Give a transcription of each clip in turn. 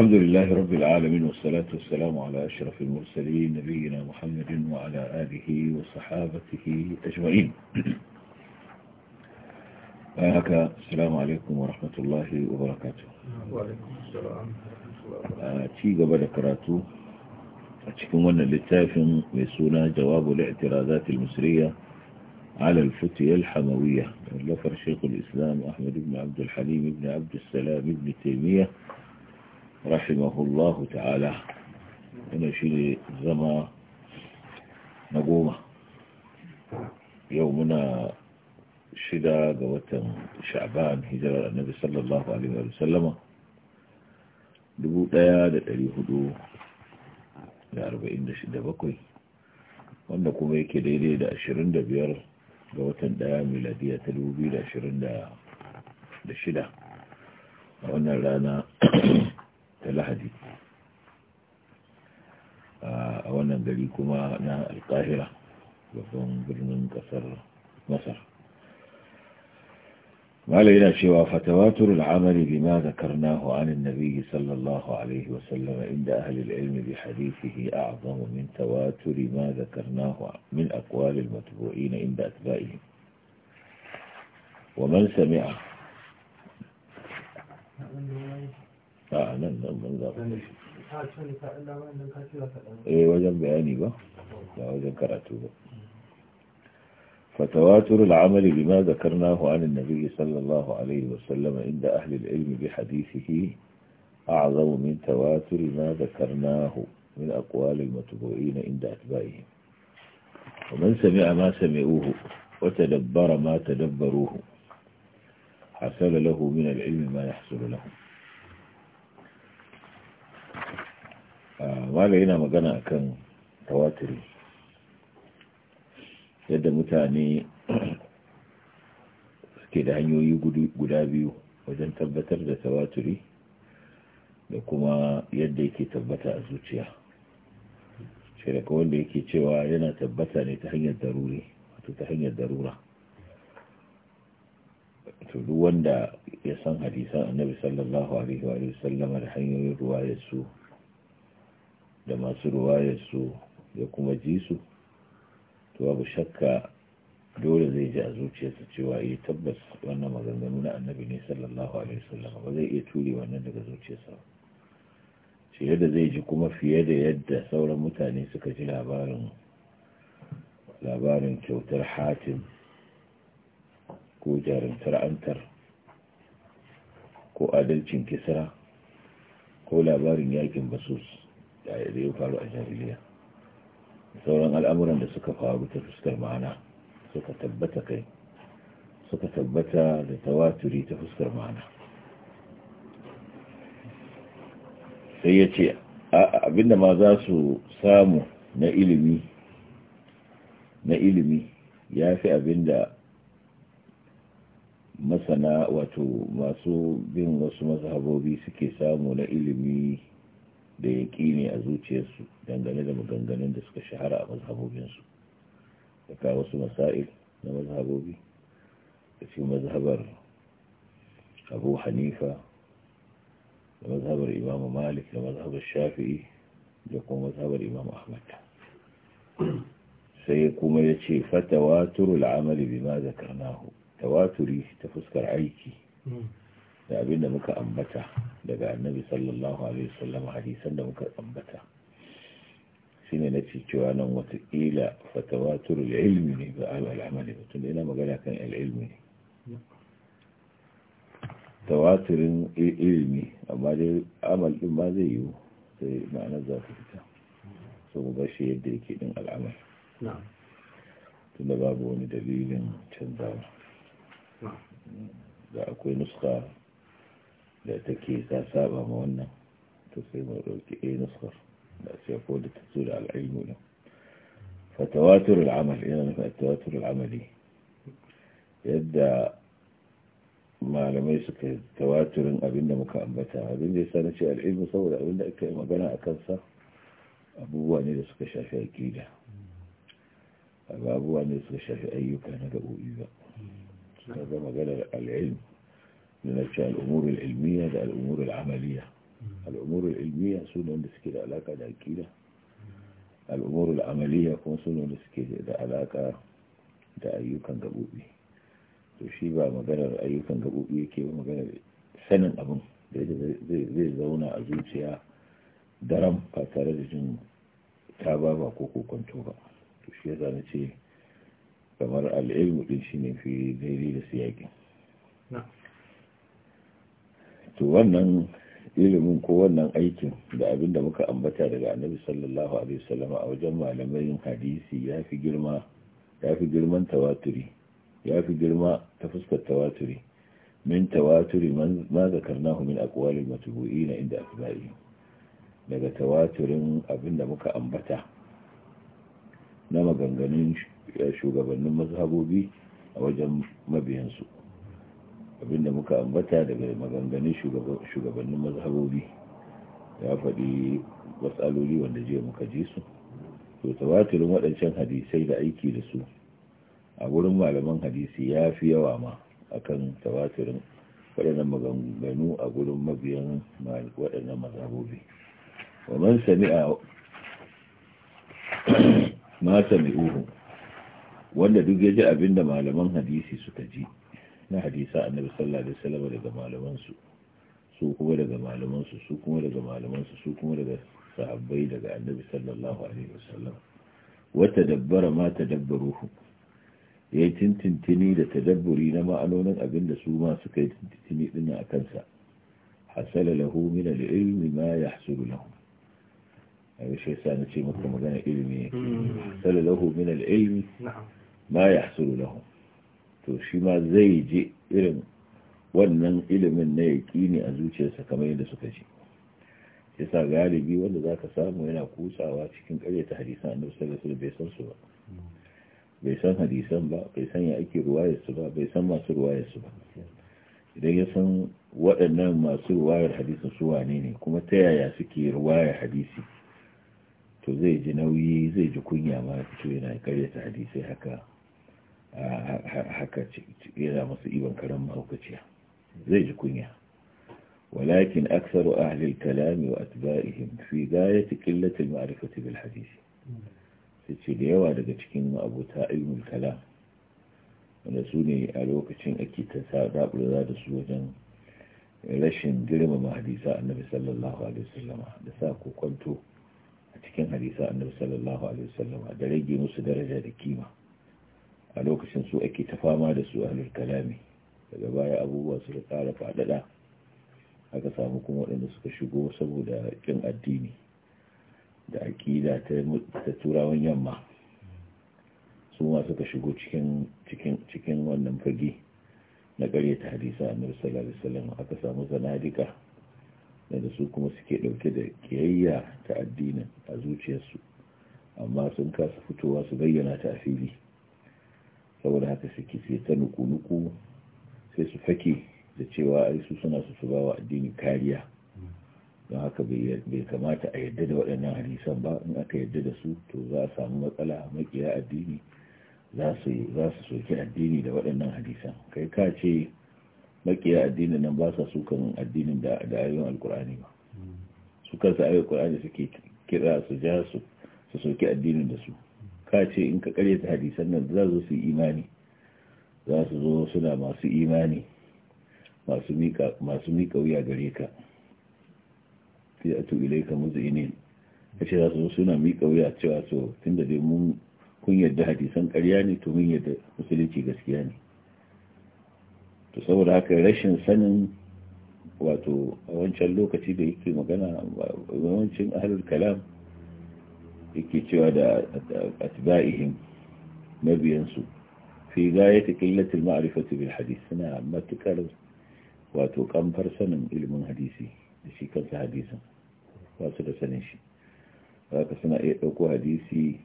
الحمد لله رب العالمين والصلاة والسلام على أشرف المرسلين نبينا محمد وعلى آله وصحابته أجمعين آه، هكا السلام عليكم ورحمة الله وبركاته وعليكم السلام ورحمة الله da karatu a cikin wannan littafin mai suna على الفتية الحموية لفر شيخ الإسلام أحمد بن عبد الحليم بن عبد السلام بن تيمية rahimahullahu ta'ala ina shi ne zama na goma yau muna shida ga watan sha'ban hijirar annabi sallallahu alaihi wa sallama 1447 wanda kuma yake daidai da 25 ga watan daya miladiya ta 2026 a wannan rana ta lahadi wannan gari kuma na alkahira babban birnin kasar masar malai yana cewa fatawatur al'amari bi ma zakarnahu an annabi sallallahu alaihi wasallam inda ahli al-ilm bi hadithihi a'zamu min tawatur ma zakarnahu min aqwal al-matbu'in inda wa man sami'a فتواتر العمل بما ذكرناه عن النبي صلى الله عليه وسلم عند أهل العلم بحديثه أعظم من تواتر ما ذكرناه من أقوال المتبوعين عند أتباعهم ومن سمع ما سمعوه وتدبر ما تدبروه حصل له من العلم ما يحصل له malam yana magana akan tawatiri yadda mutane suke da hanyoyi guda biyu wajen tabbatar da tawatiri da kuma yadda yake tabbata a zuciya shirka wanda yake cewa yana tabbata ne ta hanyar daruri wato ta hanyar darura duk wanda ya san hadisan annabi sallallahu alaihi wa sallama da hanyoyin ruwa ya su da masu ruwayarsu ya kuma ji su to babu shakka dole zai ji a zuciyarsa cewa yi eh, tabbas wannan maganganu na annabi ne sallallahu alaihi wasallam ba zai iya ture wannan daga zuciyarsa shi yadda zai ji kuma fiye da yadda sauran mutane suka ji labarin labarin kyautar hatim ko jarumtar antar ko adalcin kisra ko labarin yakin basus yaya zai faru a jahiliya sauran al'amuran da suka faru ta fuskar ma'ana suka tabbata kai suka tabbata da tawaturi ta fuskar ma'ana sai ya ce abinda ma za su samu na ilimi na ilimi ya fi abinda masana wato masu bin wasu mazhabobi suke samu na ilimi da ne a zuciyarsu dangane da maganganun da suka shahara a mazhabobinsu da ka wasu masail na mazhabobi da cikin mazhabar abu hanifa da mazhabar imamu malik da mazhabar shafi'i da kuma mazhabar imamu ahmad sai kuma ya ce fatawaturul amali bima zakarnahu tawaturi ta fuskar aiki hmm. da abin da muka ambata daga annabi sallallahu alaihi wasallam hadisan da muka ambata shine na ce cewa nan watakila fatawaturul ilmi ne ba al'amali ba tunda ina magana kan al'ilmi ne tawaturin ilmi amma dai amal din ma zai yiwu sai ma'anar za ta fita so mu bashi yadda yake din al'amal tunda babu wani dalilin canzawa da akwai nuska da take ta saba ma wannan to sai mu ɗauki a nuskar da sai ko da ta tsura al'ilmu nan fatawatur al'amal yana nufin fatawatur al'amali yadda malamai suka tawaturin abinda muka ambata abin da ya sani ce al'ilmu saboda abinda aka yi magana a kansa abubuwa ne da suka shafi aƙida abubuwa ne da suka shafi ayyuka na gaɓoɓi ba suka zama maganar al'ilmu yana ce al'umurul ilmiya da al'umurul amaliya al'umurul ilmiya su ne suke alaka da aƙida al'umurul amaliya kuma su ne suke alaka da ayyukan gaɓoɓi to shi ba maganar ayyukan gaɓoɓi yake ba maganar sanin abin da zai zauna a zuciya daram ba tare da jin ta ba ba ko kokonto ba to shi ya zane kamar al'ilmu din shi ne fi daidai da yaki. to wannan ilimin ko wannan aikin da abin da muka ambata daga annabi sallallahu alaihi wasallam a wajen malamai hadisi ya fi girma ya fi girman tawaturi ya fi girma ta fuskar tawaturi min tawaturi ma zakarnahu min aqwalil matbu'ina inda akbari daga tawaturin abin da muka ambata na maganganun shugabannin mazhabobi a wajen mabiyansu abinda muka ambata daga maganganun shugabannin mazhabobi ya faɗi matsaloli wanda jiya muka ji su to tawatirin waɗancan hadisai da aiki da su a wurin malaman hadisi ya fi yawa ma akan tawatirin waɗannan maganganu a gurin mabiyan waɗannan mazhabobi wa man sami'a ma sami'uhu wanda duk ya ji abinda malaman hadisi suka ji na hadisa annabi sallallahu alaihi wasallam daga malaman su su kuma daga malaman su su kuma daga malaman su su kuma daga sahabbai daga annabi sallallahu alaihi wasallam wa tadabbara ma tadabbaruhu ya tintintini da tadabburi na ma'anonin abin da su ma suka yi tintintini dinnan a kansa hasala lahu min al-ilmi ma yahsulu lahu ayi shi yasa na ce maka magana ilimi hasala lahu min al-ilmi ma yahsulu lahu to shi ma zai je irin wannan ilimin na yaƙini a zuciyarsa kamar yadda suka ji yasa galibi wanda zaka samu yana kutsawa cikin ta hadisan annabi sallallahu alaihi bai san su ba bai san hadisan ba bai san ya ake ruwayar ba bai san masu ruwayar ba idan ya san waɗannan masu ruwayar hadisin su wane ne kuma ta yaya suke ruwayar hadisi to zai ji nauyi zai ji kunya ma fito yana karyata hadisai haka haka yana masu iban karen mahaukaciya zai ji kunya walakin aksaru ahlil kalami wa atba'ihim fi gayati qillati al-ma'rifati bil hadisi. Su ce da yawa daga cikin abota ilmul kalam wanda su ne a lokacin ake ta saɗaɓura da su wajen rashin girmama hadisa annabi sallallahu alaihi wasallama da sa ko kwanto a cikin hadisa annabi sallallahu alaihi wasallama da rage musu daraja da kima a lokacin su ake ta fama da su a kalami daga baya abubuwa suka ƙara faɗaɗa aka samu kuma waɗanda suka shigo saboda ƙin addini da aƙida ta turawan yamma su ma suka shigo cikin wannan fage na ƙarya ta hadisa a da salam aka samu zanadika da su kuma suke ɗauke da ƙiyayya ta addinin a zuciyarsu amma sun kasa fitowa su bayyana ta a fili saboda haka suke sai ta nuku-nuku sai su fake da cewa ai su suna su ba wa addini kariya don haka bai kamata a yadda da waɗannan hadisan ba in aka yadda da su to za a samu matsala makiya addini za su soki addini da waɗannan hadisan kai ka ce makiya addinin nan ba sa sukan addinin da ayoyin alkur'ani ba hmm. su kansa ayoyin alkur'ani suke kira su ja su soki addinin da su ka ce in ka karyata hadisan nan za su su imani za su zo suna masu imani masu miƙa wuya gare ka sai a tu'ilai ka muzu inin a ce za su zo suna miƙa wuya cewa so tun da dai mun kun yadda hadisan karya ne to mun yadda musulunci gaskiya ne to saboda haka rashin sanin wato a wancan lokaci da yake magana a wancan ahalar kalam yake cewa da atba'ihim mabiyansu fi gayati qillatil ma'rifati bil hadith suna matukar wato kamfar sanin ilimin hadisi da shi kansa hadisin ba da sanin shi haka suna iya ɗauko hadisi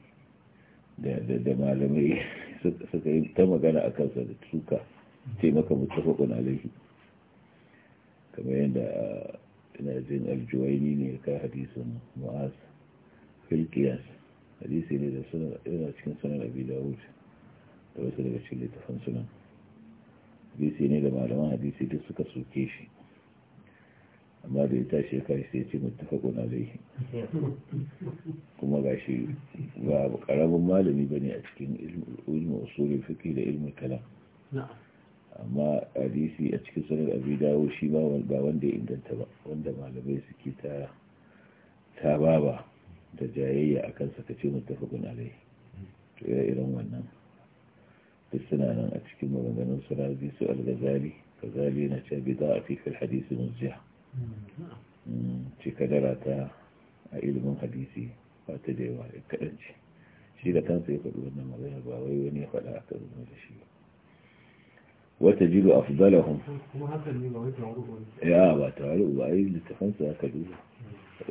da malamai suka yi ta magana a kansa da suka ce maka mutafakun alaihi kamar yadda ah, ina jin aljuwaini ne ka hadisin mu'asa filkiyas hadisi ne da suna yana cikin sunan da wuce da wasu daga cikin littafan sunan hadisi ne da malaman hadisi duk suka soke shi amma da ya tashi ya kai sai ce muttafaqun alayhi kuma gashi ba karamin malami ba ne a cikin ilmu usulun fiki da ilmu kalam amma hadisi a cikin sunan abi dawo shi ba wanda ya inganta ba wanda malamai suke ta ta baba da jayayya a kansa ta ce mutafakun alai to ya irin wannan duk suna nan a cikin maganganun su razi su al-gazali gazali na ce bi za a fi fil hadisi murjiya ce kadara ta a ilimin hadisi ba ta da yawa ya kaɗan ce shi da kansa ya faɗi wannan magana ba wai wani ya faɗa a kan da shi ba وتجد أفضلهم يا أبا تعالوا وعيد لتفنسى كدوه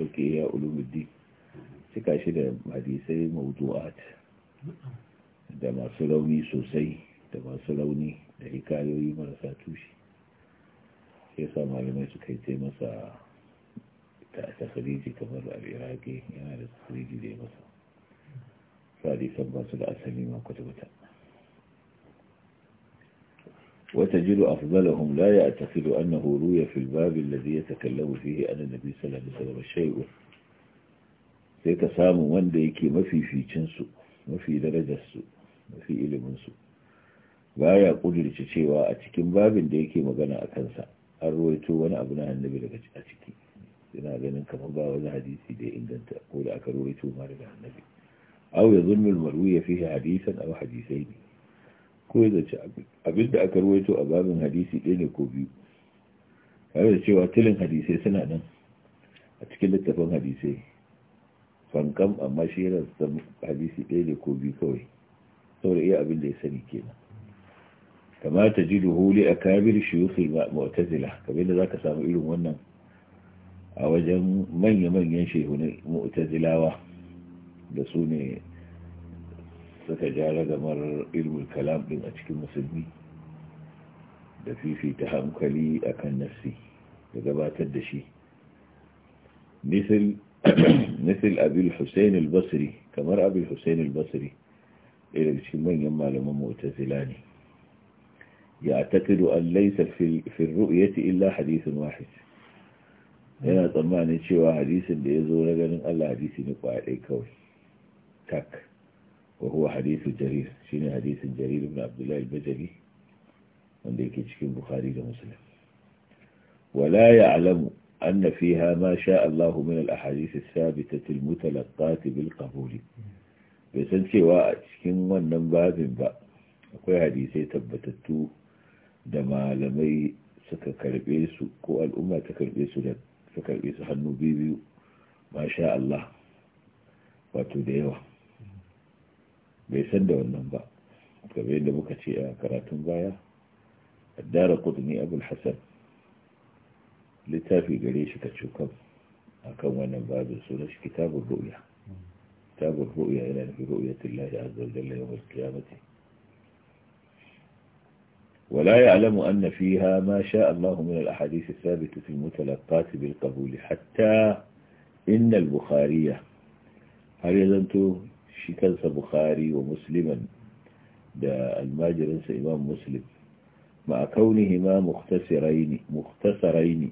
أوكي يا أولوم الدين suka shi da hadisai mawdu'at da masu rauni sosai da masu rauni da hikayoyi marasa tushe sai sa malamai suka yi sai masa da tafiriji kamar al'iraki yana da tafiriji da ya masa sadisan ba su da asali ma kwata-kwata وتجد أفضلهم لا يعتقد أنه روي في الباب الذي يتكلم فيه أن النبي صلى الله عليه وسلم شيء sai ka samu wanda yake mafi ficinsu mafi darajarsu mafi iliminsu ba ya ƙudurci cewa a cikin babin da yake magana a kansa an ruwaito wani abu na annabi daga a ciki yana ganin kamar ba wani hadisi da ya inganta ko da aka ruwaito ma daga annabi aw ya zulmul marwi ya fi hadisan aw hadisai ne ko ya zace abin da aka ruwaito a babin hadisi ɗaya ne ko biyu tare da cewa tilin hadisai suna nan a cikin littafin hadisai fankan amma shi yana da hadisi ɗaya ne ko biyu kawai saboda iya abin da ya sani kenan kama ta ji duhuli a kabir shiyufi mu'tazila kamar da zaka samu irin wannan a wajen manya-manyan shehunan mu'tazilawa da su ne suka ja ragamar ilmul kalam ɗin a cikin musulmi da fifita hankali akan nafsi da gabatar da shi misal مثل أبي الحسين البصري كمر أبي الحسين البصري إلى بشمين يما لما مؤتزلاني يعتقد أن ليس في في الرؤية إلا حديث واحد هنا طبعا نشوى حديث ليزول لقد قال حديث نقوى كوي تك وهو حديث جرير شين حديث جرير بن عبد الله البجلي عندك يشكي البخاري ومسلم ولا يعلم أن فيها ما شاء الله من الأحاديث الثابتة المتلقاة بالقبول بسن سواء أتكين ونن باب با أكوي حديثي تبتتو دما لمي suka karbe su ko al'umma ta karbe su da ta karbe su hannu biyu masha Allah wato da yawa bai san da wannan ba kamar da muka ce a karatun baya addara kudni abul hasan littafi gare shi ka cokam a kan wannan babin sunan shi kitabun ru'ya kitabun ru'ya yana nufi ru'yatun lahi ولا يعلم أن فيها ما شاء الله من الأحاديث الثابتة في المتلقات بالقبول حتى إن البخارية هل يزنتو شكنس بخاري ومسلما دا الماجر إمام مسلم مع كونهما مختصرين مختصرين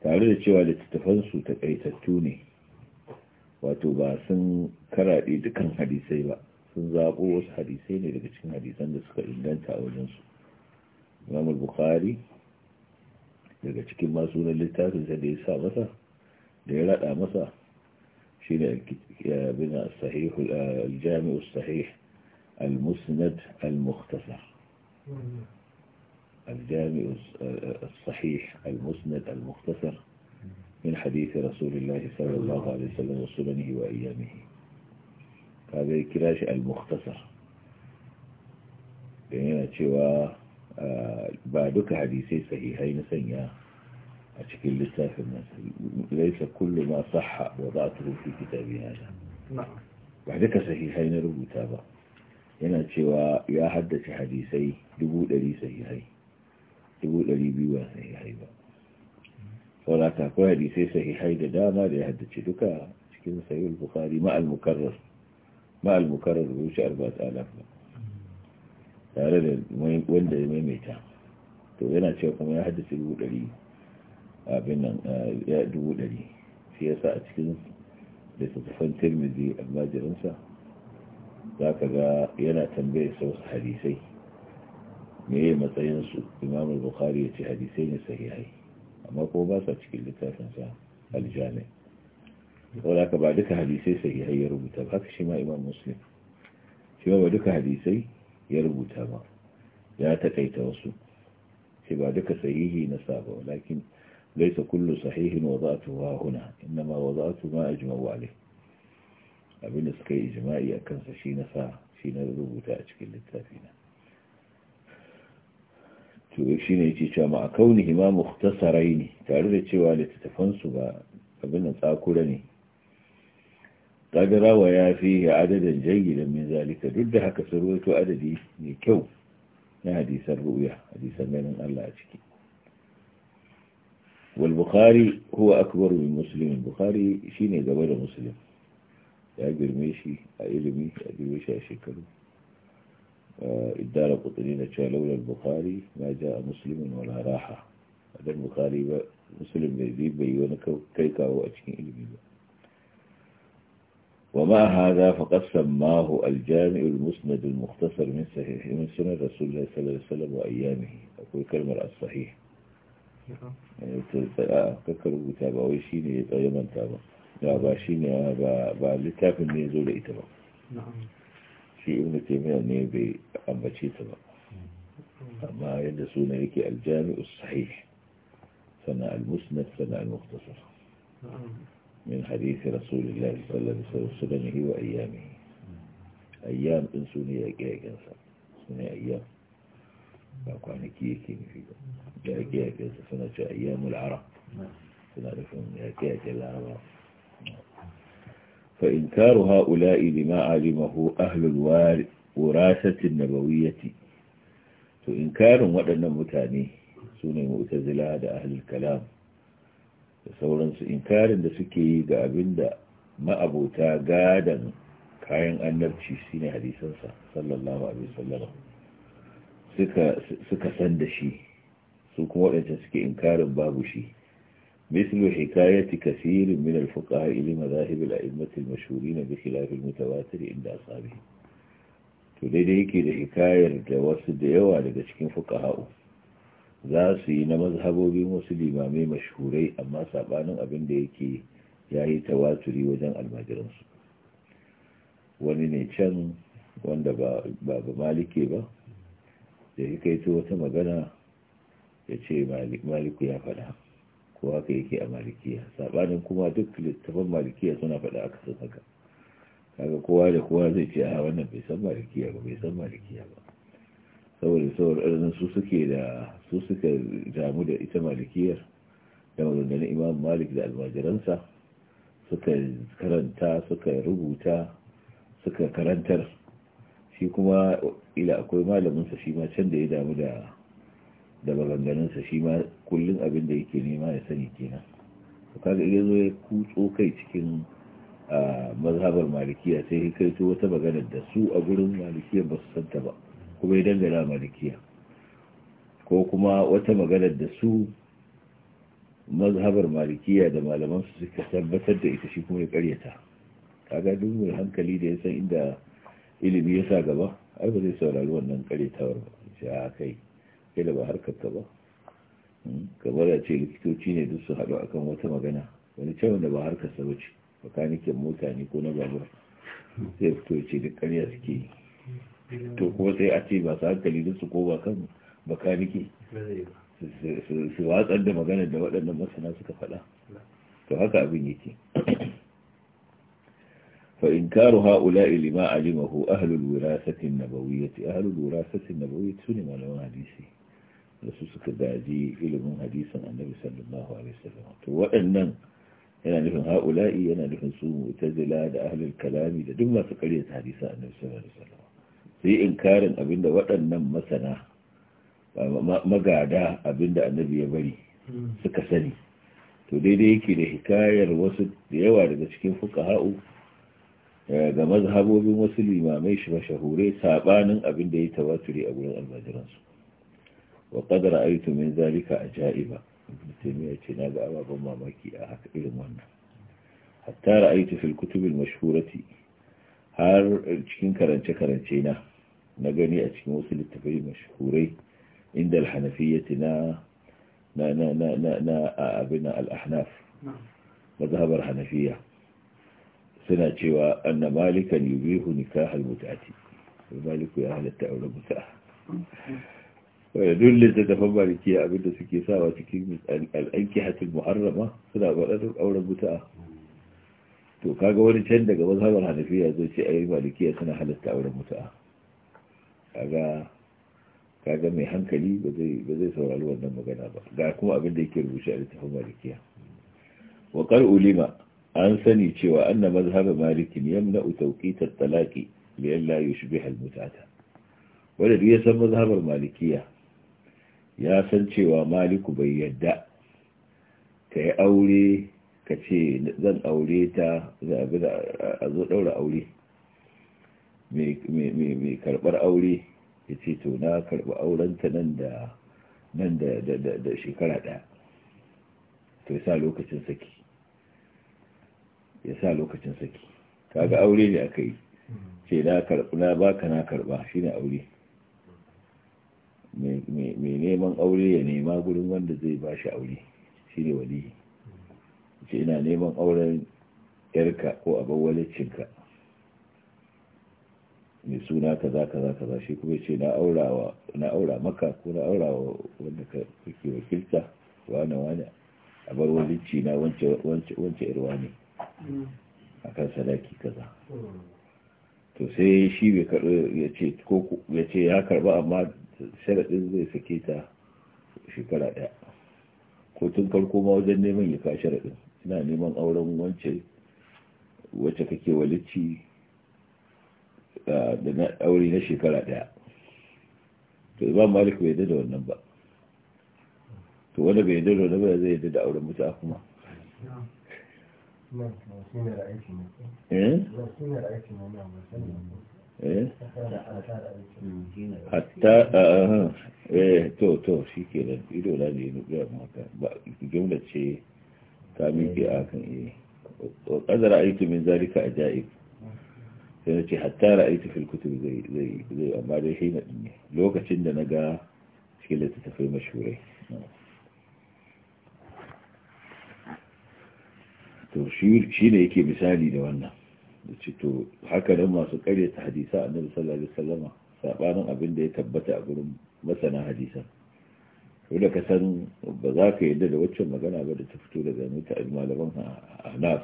tare da cewa littattafansu ta kaitattu ne wato ba sun karaɗe dukan hadisai ba sun zaɓo wasu hadisai ne daga cikin hadisan da suka inganta a wajensu imamul bukhari daga cikin masu na littafin da ya sa masa da ya raɗa masa shine ne eh, bin eh, al sahih al-musnad al-mukhtasar الجامع الصحيح المسند المختصر من حديث رسول الله صلى الله عليه وسلم وسننه وأيامه هذا الكراش المختصر بين يعني شوا آه، بعدك حديثي صحيحين سنيا أشكل لساف ليس كل ما صح وضعته في كتابي هذا نعم بعدك صحيحين ربو تابع هنا يعني شوا يا حدث حديثي دبو لي صحيحين dubu ɗari biyu ba sahihai ba saboda haka akwai hadisai sahihai da dama da ya haddace duka cikin sahihul bukhari ma'al mukarrar ma'al mukarrar wuce arba'at alaf ba tare da wanda ya maimaita to yana cewa kuma ya haddace dubu ɗari abin nan dubu ɗari shi yasa a cikin littattafan tirmidhi almajirinsa za ka ga yana tambayar sa hadisai me matsayinsu imam al-bukhari ya ce hadisai ne sahihai amma ko ba sa cikin littafinsa aljami saboda haka ba duka hadisai sahihai ya rubuta ba haka shi ma imam muslim shi ba duka hadisai ya rubuta ba ya taƙaita wasu shi ba duka sahihi na saba lakin zai laisa kullu sahihin wazatu wa huna ma wazatu ma ajma'u alayh abinda suka yi jima'i a kansa shi na sa shi na rubuta a cikin littafi na. to shi ne yake cewa ma'a kauni ma mukhtasarai ne tare da cewa littattafansu ba abin da tsakura ne ƙadarawa ya fi adadin jayyidan min zalika duk da haka su ruwaito adadi mai kyau na hadisan ru'ya hadisan ganin Allah a ciki wal bukhari huwa akbar min muslim bukhari shine gaba da muslim ya girme shi a ilimi a girme shi a shekaru الدار قطنين لولا البخاري ما جاء مسلم ولا راحة هذا البخاري مسلم بي بيونك كيكا وأجكين إلمي با ومع هذا فقد سماه الجامع المسند المختصر من صحيح من سنة رسول الله صلى الله عليه وسلم وأيامه أقول كلمة الصحيح يعني rubuta ba wai shi ne ya tsaye manta ba ba shi ne ba littafin ne ya shi ibn taymiya ne bai ambace ta ba amma yadda suna yake aljami'u sahih sana al-musnad sana al-mukhtasar min hadisi rasulullah sallallahu alaihi wasallam wa ayyami ayyam din sune yake yakin sa sune ayyam ba kwanaki yake nufi ba da yake yakin sa suna ce ayyamul arab suna nufin yake yakin larabawa فإنكار هؤلاء لما علمه أهل الوراثة النبوية فإنكار ودنا متاني سنة مؤتزلة هذا أهل الكلام sauransu inkarin da suke yi ga abin da ma'abota gadan kayan annabci shine hadisansa sallallahu alaihi wasallam suka suka san da shi su kuma waɗanda suke inkarin babu shi a مثل حكاية كثير من الفقهاء لمذاهب الأئمة المشهورين بخلاف da عند أصحابه wasu da yawa daga cikin فقهاء za su yi na mazhabobin wasu limamai mashhurai amma saɓanin abin da yake ya yi tawaturi wajen almajiransu wani ne can wanda ba ba malike ba da ya kaito wata magana ya ce maliku ya faɗa ko ka yake a malikiya sabanin kuma duk littafin malikiya suna faɗa aka san haka kaga kowa da kowa zai ce a wannan bai san malikiya ba bai san malikiya ba saboda saboda irin su suke da su suka damu da ita malikiyar da maganganun imam malik da almajiransa suka karanta suka rubuta suka karantar shi kuma ila akwai malaminsa shi ma can da ya damu da da maganganunsa shi ma kullum abin da yake nema ya sani kenan to kaga idan zo ya kutso kai cikin mazhabar malikiya sai ya kai to wata magana da su a gurin malikiya ba su santa ba kuma ya dangana malikiya ko kuma wata magana da su mazhabar malikiya da malaman su suka tabbatar da ita shi kuma ya karyata kaga duk mai hankali da ya san inda ilimi ya sa gaba ai ba zai saurari wannan karyatawar ba sai a kai kai da ba ta ba hmm? kamar ya ce likitoci ne duk su haɗu akan wata magana wani cewa da ba harkar ba ce makanikin mota ne ko na babur sai fito ce duk ƙarya suke yi to kuma sai a ce ba su hankali duk su ko ba kan makaniki su watsar da magana da waɗannan masana suka faɗa to haka abin yake فإنكار هؤلاء لما علمه أهل الوراثة النبوية أهل الوراثة النبوية سنما لهم حديثي da su suka gaji ilimin hadisin annabi sallallahu alaihi wasallam to waɗannan yana nufin ha'ula'i yana nufin su mu'tazila da ahlul kalami da duk masu ƙarya hadisin annabi sallallahu alaihi wasallam sai inkarin abinda waɗannan masana magada abinda annabi ya bari suka sani to daidai yake da hikayar wasu da yawa daga cikin fuqaha'u eh, ga mazhabobin wasu limamai shi mashahure sabanin abinda ya tabaturi a gurin almajiransu wa qad ra'aytu min zalika ajaiba ibn ce na ga ababen mamaki a haka irin wannan hatta ra'aytu fil mashhurati har cikin karance karance na na gani a cikin wasu littafai mashhurai inda al hanafiyyati na na na na na al ahnaf mazhabar hanafiya suna cewa anna malikan yubihu nikah mut'ati maliku ya halatta aure mut'a Eh, duk littattafan malikiya abinda suke sawa cikin al'anki hatin muharrama suna da auren buta to kaga wani can daga mazhabar hanafiya zai ce yi malikiya suna halatta auren buta kaga kaga mai hankali ba zai saurari wannan magana ba ga kuma abin da yake rubuce a littafin malikiya wa ulima an sani cewa anna mazhab maliki yamna tawqit at-talaqi li an la yushbih mutata duk ya san mazhabar malikiya ya san cewa maliku bai yadda ka yi aure ka ce zan aure ta a zo daura aure mai karɓar aure ya ce to na karɓi aurenta nan da nan da shekara ɗaya to ya sa lokacin saki ya sa lokacin saki kaga aure ne aka yi mm-hmm. ce na karɓi na baka na karɓa ne aure mai neman aure ya nema gurin wanda zai ba shi aure shi ne wani. ce ina neman auren yarka ko abawalicinka mai suna kaza kaza kaza shi kuma ce na aura maka ko na aura wa wanda ka wakilta wane wane a bar walicci na wance irwa ne a kan sadaki kaza hmm. to sai shi bai ya ce ya karba amma sharaɗin zai sake ta shekara ɗaya ko tun farko ma wajen neman ya ka sharaɗin ina neman auren wance wacce kake walici da na aure na shekara ɗaya to ba malik bai yadda da wannan ba to wanda bai yadda da wannan ba zai yadda da auren a kuma eh Eh? hatta eh to to shi ke da ido da ne nufi a maka ba jumla ce ta miƙe a kan iya eh. ƙazara aitu min zalika a ja'ib sai na ce hatta ra'aitu fil kutub zai zai amma dai shi na ɗinne lokacin da na ga ta littattafai mashurai to shi ne yake misali da wannan da to haka nan masu kare ta hadisa annabi sallallahu alaihi wasallama sabanin abin da ya tabbata a gurin masana hadisa hadisan da ka san ba za ka yadda da waccan magana ba da ta fito daga mita malaman nas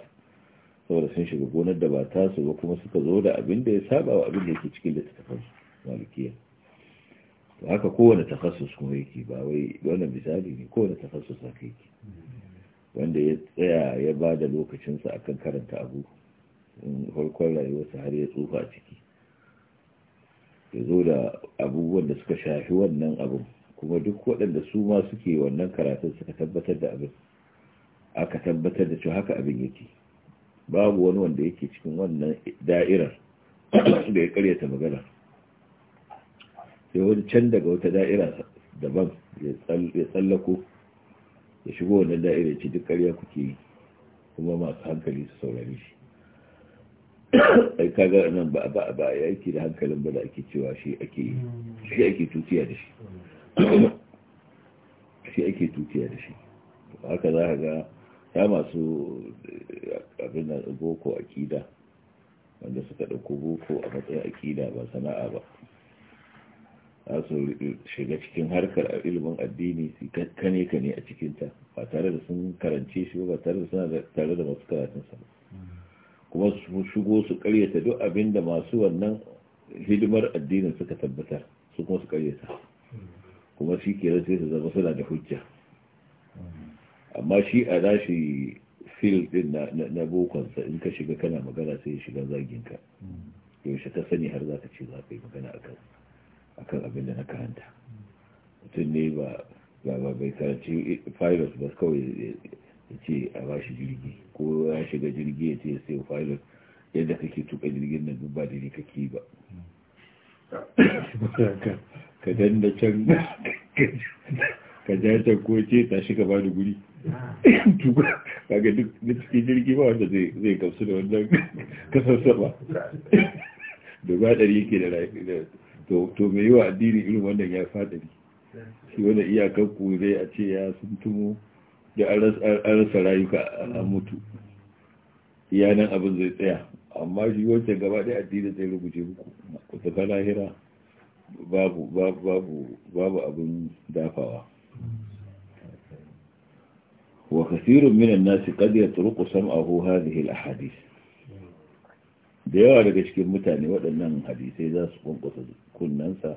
saboda sun shiga gonar da ba ta su ba kuma suka zo da abin da ya saba wa abin da yake cikin littattafan malikiya to haka kowane takassus kuma yake ba wai wannan misali ne kowane takassus haka yake wanda ya tsaya ya ba da lokacinsa akan karanta abu farkon rayuwarsa har ya tsufa ciki ya zo da abubuwan da suka shafi wannan abin kuma duk waɗanda su ma suke wannan karatun suka tabbatar da abin aka tabbatar da cewa haka abin yake babu wani wanda yake cikin wannan da'irar da ya karyata magana sai wani can daga wata da'ira daban ya tsallako ya shigo wannan da'irar ce duk karya kuke yi kuma masu hankali su saurari shi ai kaga nan ba ba ba ya yake da hankalin ba da ake cewa shi ake shi ake tutiya da shi shi ake tutiya da shi haka za ka ga ta masu eh, abin da boko akida wanda suka ɗauko boko a matsayin akida ba sana'a ba za su shiga cikin harkar ilimin addini su kakkane ka ne a cikinta ba tare da sun karance shi ba tare da suna tare da masu karatunsa ba kuma wasu shigo su karyata duk abin da masu wannan hidimar addinin suka tabbatar su kuma su karyata kuma shi ke sai su zama suna da hujja amma shi a nashi fil din na bokonsa in ka shiga kana magana sai ya shiga zaginka yaushe ta sani har za ka ce za ka magana akan abin da na karanta mutum ne ba ba bai karanci virus ba kawai ba shi jirgi ko ya shiga jirgi ya ce ya sayo pilot yadda kake tuka jirgin nan duk ba daidai kake ba ka da can ka ja can ko ce ta shiga ba da guri kaga duk cikin jirgi ba wanda zai gamsu da wannan kasar saba da ba da yake da to mai yi wa addini irin wannan ya fadari shi wanda iyakan ku zai a ce ya sun tumo da an rasa rayuka a mutu iyanan abin zai tsaya amma shi wacce gaba ɗaya addini zai rubuce muku wata lahira babu abin dafawa wa kasirun minan nasi qad a sam'ahu da al hadis da yawa daga cikin mutane waɗannan hadisai za su kunkusa kunnansa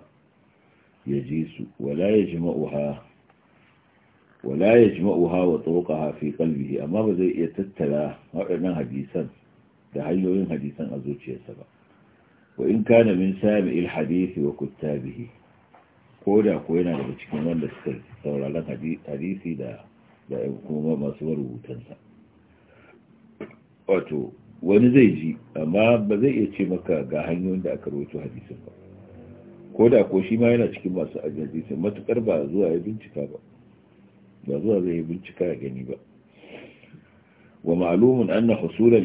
ya ji su wala ya ji ma'uha wala ya jima'uha wa tsokaha fi kalbihi amma ba zai iya tattara waɗannan hadisan da hanyoyin hadisan a zuciyarsa ba wa in kana min sami'il hadisi wa kuta kuttabihi ko da ko yana daga cikin wanda suka sauraron hadisi da da kuma masu marubutansa wato wani zai ji amma ba zai iya ce maka ga hanyoyin da aka rawaito hadisin ba ko da ko shi ma yana cikin masu hadisin matukar ba zuwa ya bincika ba ba zuwa zai bincika ya gani ba wa ma'lumun anna husul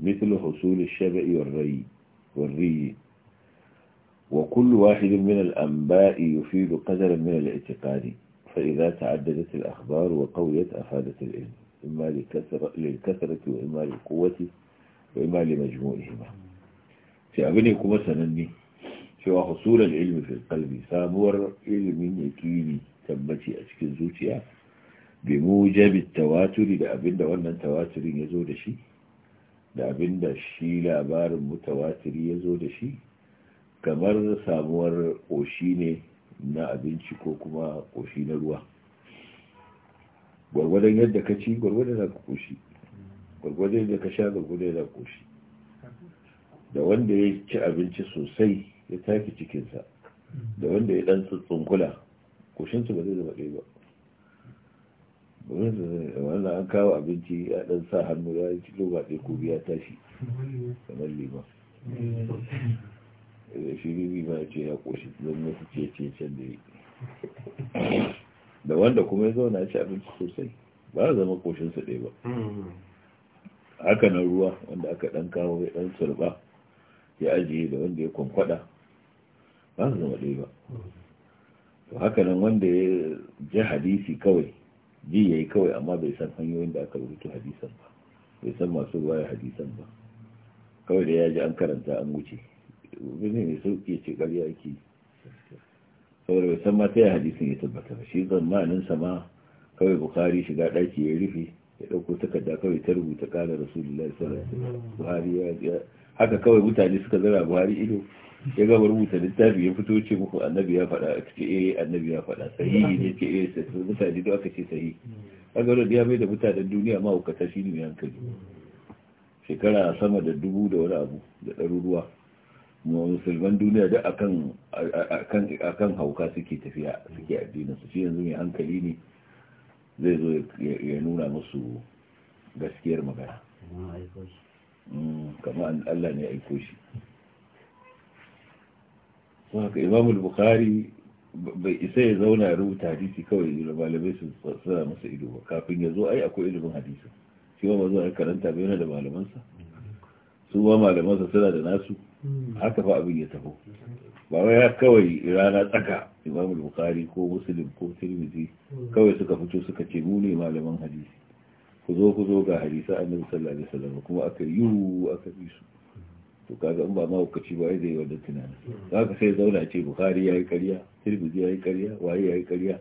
مثل حصول الشبع والري والري وكل واحد من الأنباء يفيد قدرا من الاعتقاد فإذا تعددت الأخبار وقويت أفادت العلم إما للكثرة وإما للقوة وإما لمجموعهما ce abu ne kuma sananne cewa husulul ilmi fil qalbi sabuwar ilimin yaqini tabbaci a cikin zuciya bi mujabit tawaturi da abinda wannan tawaturin yazo da shi da abinda shi labarin mutawatiri yazo da shi kamar samuwar koshi ne na abinci ko kuma koshi na ruwa gwargwadon yadda ka ci gwargwadon da ka koshi gwargwadon yadda ka sha gwargwadon da ka koshi da wanda ya ci abinci sosai ya tafi cikinsa da wanda ya dan tsunkula kushinsu ba zai zama ɗaya ba wanda an kawo abinci ya dan sa hannu ya ci roba ɗaya ko biya tashi kamar lima da eh, shi lima ya ce ya ƙoshi zan wasu ce ce can da ya da wanda kuma ya zauna ci abinci sosai ba a zama ƙoshinsa ɗaya ba mm. haka na ruwa wanda aka dan kawo ya dan surba ya ajiye da wanda ya kwankwada ba su zama ɗaya ba to haka nan wanda ya ji hadisi kawai ji ya yi kawai amma bai san hanyoyin da aka rubuta hadisan ba bai san masu ruwaya hadisan ba kawai da ya ji an karanta an wuce wani mai sauƙi ce ƙarya ake saboda bai san ma ta yi hadisin ya tabbata ba shi ma'anin sama kawai bukari shiga ɗaki ya rufe ya ɗauko takarda kawai ta rubuta ƙara rasulullah sallallahu alaihi wasallam buhari ya haka kawai mutane suka zara buhari ido ya gaba rubuta littafi ya fito ce muku annabi ya faɗa a cikin eh annabi ya faɗa sahihi ne ke eh sai mutane duk aka ce sahihi kaga da ya bai da mutanen duniya ma hukata shi ne hankali shekara sama da dubu da wani abu da ɗaruruwa musulman duniya da akan akan hauka suke tafiya suke addinin su shi yanzu mai hankali ne zai zo ya nuna musu gaskiyar magana Mm, kamar Allah ne aiko shi haka imamul bukhari bai isa ya zauna ya rubuta hadisi kawai da malamai su tsara masa ido ba kafin ya zo ai akwai ilimin hadisi shi ma zo ai karanta bai da malamansa su ma malamansa suna da nasu haka fa abin ya taho ba wai ya kawai rana tsaka imamul bukhari ko muslim ko tirmidhi kawai suka fito suka ce mu ne malaman hadisi ku zo ku zo ga hadisa annabi sallallahu alaihi wasallam kuma aka yi aka bi su to kaga in ba ma ci ba zai wannan tunanin zaka sai zauna ce bukhari yayi ƙarya tirmidhi yayi ƙarya waye yayi ƙarya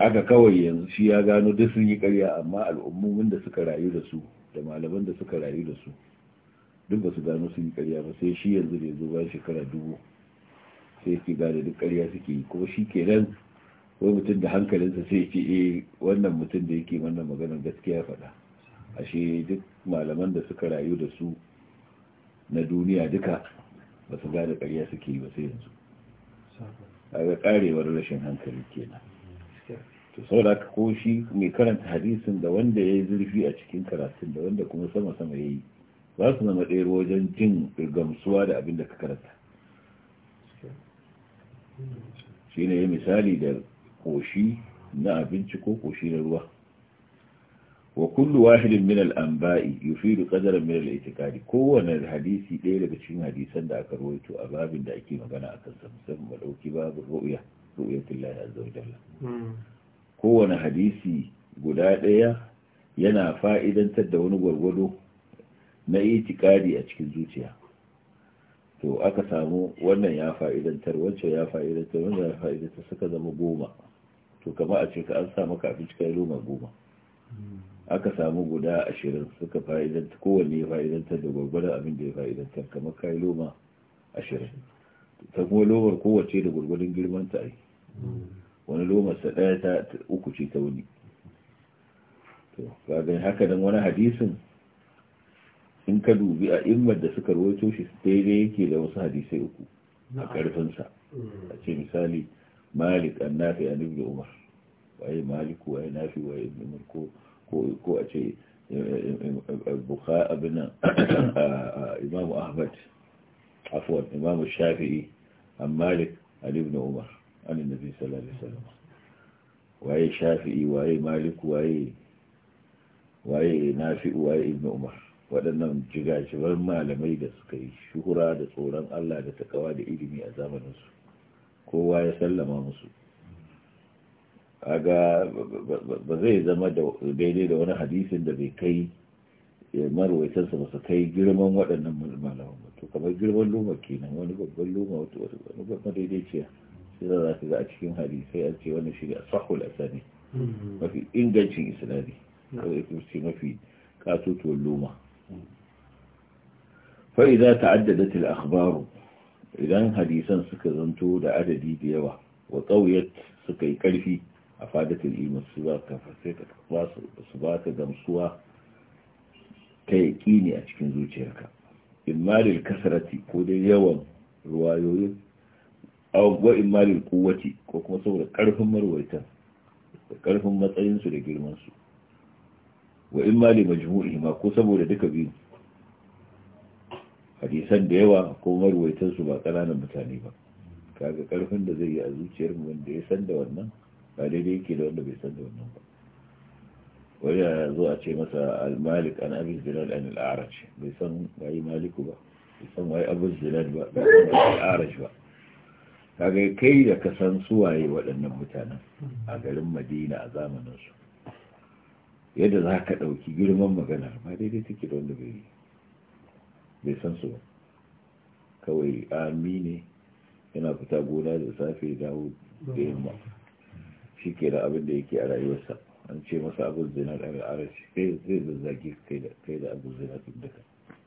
haka kawai yanzu shi ya gano duk sun yi ƙarya amma al'ummomin da suka rayu da su da malaman da suka rayu da su duk ba su gano sun yi ƙarya ba sai shi yanzu da ya zo bayan shekara dubu sai ke gane duk ƙarya suke yi kuma shi kenan wai mutum da hankalinsa sai ce eh wannan mutum da yake wannan maganar gaskiya faɗa ashe duk malaman da suka rayu da su na duniya duka ba su gane ƙarya suke yi ba sai yanzu daga karewar rashin hankali kenan to saboda ko shi mai karanta hadisin da wanda ya yi zurfi a cikin karatun da wanda kuma sama-sama ya yi za su zama ɗaya wajen jin gamsuwa da abin da ka karanta shi ne misali da koshi na abinci ko koshi na ruwa wa kullu wahidin min al-anba'i yufidu qadaran min al-i'tiqadi kowanne hadisi ɗaya daga cikin hadisan da aka rawaito a babin da ake magana akan sa madauki babu ru'ya ru'yatullahi azza wa jalla hmm. Kowanne hadisi guda ɗaya yana fa'idantar da wani gwargwado na itikadi a cikin zuciya to aka samu wannan ya fa'idantar wancan ya fa'idantar wannan ya fa'idantar suka zama goma to kama a ce ka an sa maka abinci kai roma goma aka samu guda ashirin suka fa'idanta kowanne ya fa'idanta da gwargwadon abin da ya fa'idanta kamar kai loma ashirin ta kuma lomar kowace da gwargwadon girman ta ai wani lomar sa ɗaya ta uku ce ta wuni to kaga haka nan wani hadisin in ka dubi a imar da suka rawaito shi daidai yake da wasu hadisai uku a karfinsa a ce misali malik annafi an ibn umar waye maliku waye nafi waye ibn ko ko a ce eh, eh, abin imamu ahmad afuwan imamu shafi'i an malik ali ibn umar an nabi sallallahu alaihi wasallam waye shafi'i waye maliku waye waye nafi'u waye ibn umar waɗannan jigajibar malamai da suka yi shuhura da tsoron Allah da takawa da ilimi a zamaninsu kowa ya sallama musu aga ba zai zama daidai da wani hadisin da bai kai marwaitarsa ba su kai girman waɗannan malaman to kamar girman luma kenan wani babban luma wata wani babban daidaiciya sai za za ga a cikin hadisai an ce wannan shiga sahul asani mm-hmm. mafi ingancin islami ko ya ce mafi katutuwar luma fa idza ta'addadat al akhbar idan hadisan suka zanto da adadi da yawa wa qawiyat suka yi karfi a fadatin ilmin su ba ka sai ka su ba ka gamsuwa ta yaƙi ne a cikin zuciyarka in malil kasarati ko dai yawan ruwayoyin wa in malil kowace ko kuma saboda ƙarfin marwaitan da ƙarfin matsayinsu da girmansu wa in malil majmu'i ma ko saboda duka biyu hadisan da yawa ko marwaitansu ba ƙananan mutane ba kaga karfin da zai yi a zuciyar wanda ya san da wannan ba daidai yake da wanda bai san da wannan ba wani yana zo a ce masa al-malik an abu zinad an al'araj bai san wayi maliku ba bai san wayi abu zinad ba bai san wayi al'araj ba kaga kai da ka san suwaye waɗannan mutanen a garin madina a zamaninsu yadda za ka ɗauki girman magana ba daidai take da wanda bai bai san su ba kawai amine yana fita gona da safe dawo da yamma shi ke da abin da yake a rayuwarsa an ce masa abin zinar al'arashi kai zai zazzage kai da abin zinar duka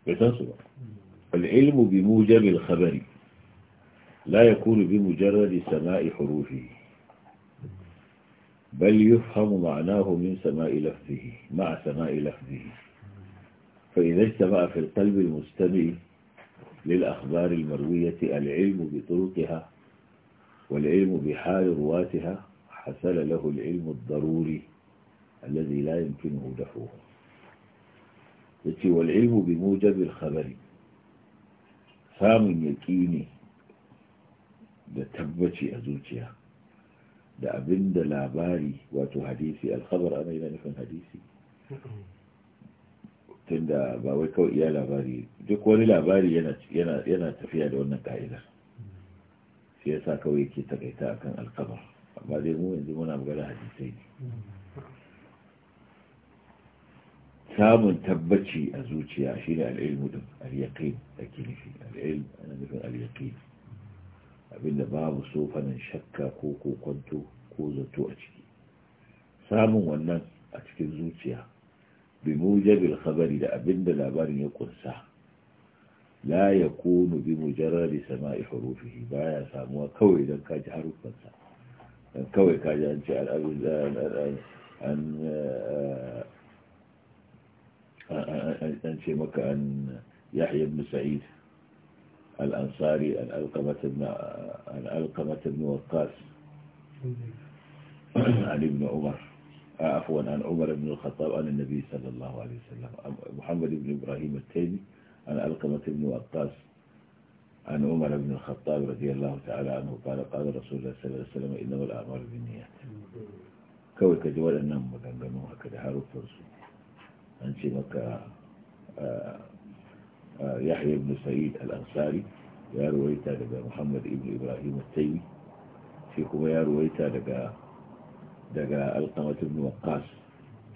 bai san su ba al'ilmu bi mujabil khabari la yakunu bi mujarradi sama'i hurufi bal بل يفهم معناه من سماء لفظه مع سماء لفظه فإذا اجتمع في القلب المستمع للأخبار المروية العلم بطرقها والعلم بحال رواتها حصل له العلم الضروري الذي لا يمكنه دفعه يتي والعلم بموجب الخبر samun yaƙini da tabbaci a zuciya da abin da labari wato hadisi alkhabar ana yana nufin hadisi tunda ba wai kawai iya labari duk wani labari yana tafiya da wannan ka'idar shi yasa kawai yake takaita akan alkhabar amma dai mu yanzu muna magana hadisai ne. samun tabbaci a zuciya shi ne al'ilmu da al'yaƙin da ke nufi a nufin al'yaƙin abinda babu sofanin shakka ko kokonto ko zato a ciki samun wannan a cikin zuciya bi mujabil khabari da abinda labarin ya kunsa la yakunu bi mujarradi sama'i hurufihi baya samuwa kawai don kaji harufansa kawai kaji an ce an ان maka مكان يحيى بن سعيد الأنصاري أن القمه ابن, أن القمه ابن وقاص عن ابن عمر آه، عفوا عن عمر بن الخطاب عن النبي صلى الله عليه وسلم محمد بن إبراهيم التيمي عن ألقمة بن وقاص عن عمر بن الخطاب رضي الله تعالى عنه قال قال رسول الله صلى الله عليه وسلم إنما الأعمال بالنيات كوي كجوال النم مثلا بنوها كدهارو فرسو أنشي مكا آه، آه، يحيى بن سعيد الأنصاري يا رويتا لقى محمد ابن إبراهيم التيمي فيكم يا رويتا لقى لقى القمة بن وقاص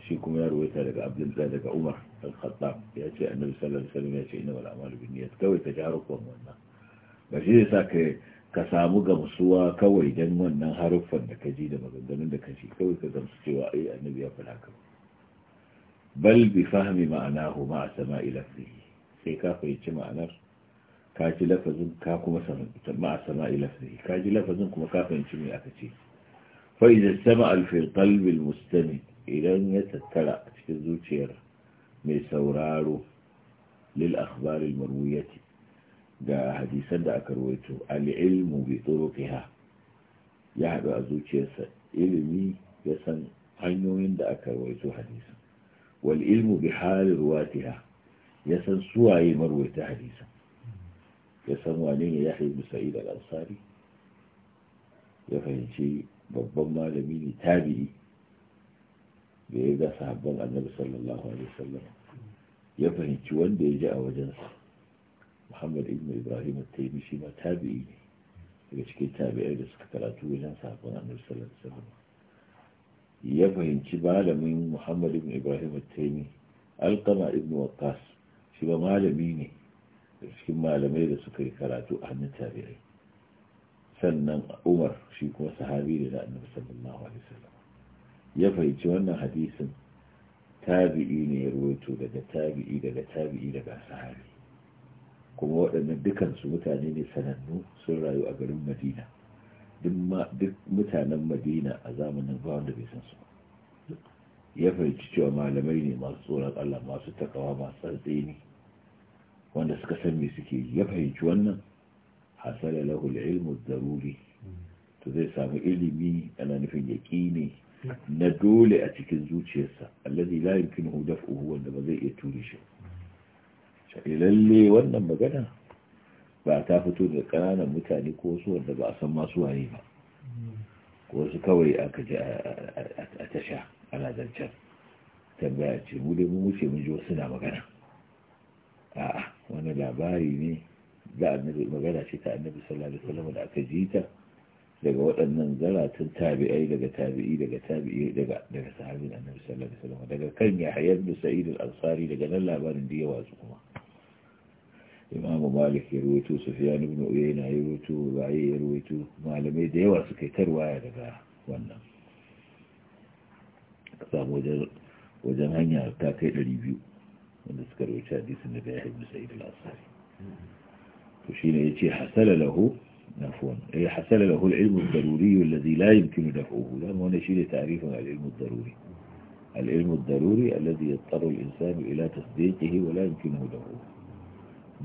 فيكم يا رويتا لقى عبد الله لقى عمر الخطاب يا شيء النبي صلى الله عليه وسلم يا شيء إنما الأعمال بالنيات كوي تجارك ومؤمنات ba shi sa ka ka samu gamsuwa kawai don wannan haruffan da ka ji da maganganun da ka ji kawai ka gamsu cewa ai annabi ya faɗa ka bal bi fahmi ma'anahu ma sama lafzihi sai ka fahimci ma'anar ka ji lafazin ka kuma ma sama lafzihi ka ji lafazin kuma ka fahimci me aka ce fa idza sama fi qalbi al-mustami idan ya tattara a cikin zuciyar mai sauraro lil akhbar almarwiyati da hadisan da aka ruwaito al-ilmu bi turuqiha ya haɗu a zuciyarsa ilimi ya san hanyoyin da aka ruwaito hadisan wal ilmu bi hali ruwatiha ya san suwaye marwaita hadisan ya san wane ne yahya ibn al-ansari ya fahimci babban malami ne tabi'i da ya ga sahabban annabi sallallahu alaihi wasallam ya fahimci wanda ya ji a wajensa muhammad ibn ibrahim al-taymi shi ma tabi'i ne daga cikin tabi'ai da suka karatu wajen sabon annabi sallallahu alaihi ya fahimci malamin muhammad ibn ibrahim al-taymi alqama ibn waqas shi ba malami ne da cikin malamai da suka yi karatu a hannun tabi'ai sannan umar shi kuma sahabi ne da annabi sallallahu alaihi wasallam ya fahimci wannan hadisin tabi'i ne ya daga tabi'i daga tabi'i daga sahabi kuma waɗannan dukansu mutane ne sanannu sun rayu a garin madina duk mutanen madina a zamanin ba wanda bai san su ya fahimci cewa malamai ne masu tsoron allah masu takawa masu tsantsi ne wanda suka san me suke ya fahimci wannan hasala lahu ilmu daruri to zai samu ilimi ana nufin ne na dole a cikin zuciyarsa allazi la yumkinuhu daf'uhu wanda ba zai iya ture shi lalle wannan magana ba ta fito da kananan mutane ko su wanda ba a san masu waye ba ko su kawai aka ji a tasha ana zancen tambaya ce mu dai mu wuce mun ji wasu na magana a'a wani labari ne da annabi magana ce ta annabi sallallahu alaihi wasallam da aka ji ta daga waɗannan zaratun tabi'ai daga tabi'i daga tabi'i daga daga sahabin annabi sallallahu alaihi wasallam daga kan Yahya da Sa'id al-Ansari daga nan labarin da ya wasu kuma إمام مالك يرويته سفيان بن أيين يرويته وبعي يرويته معلمي ديوة سكتر وعيدة وانا فهم وجمعين يرتاكي لليبيو وانا سكر وشادي سنة بيحي بن سيد الأصحاري وشين يتي حسل له نفون أي حسل له العلم الضروري الذي لا يمكن دفعه لا ما نشيل تعريف على العلم الضروري العلم الضروري الذي يضطر الإنسان إلى تصديقه ولا يمكنه دفعه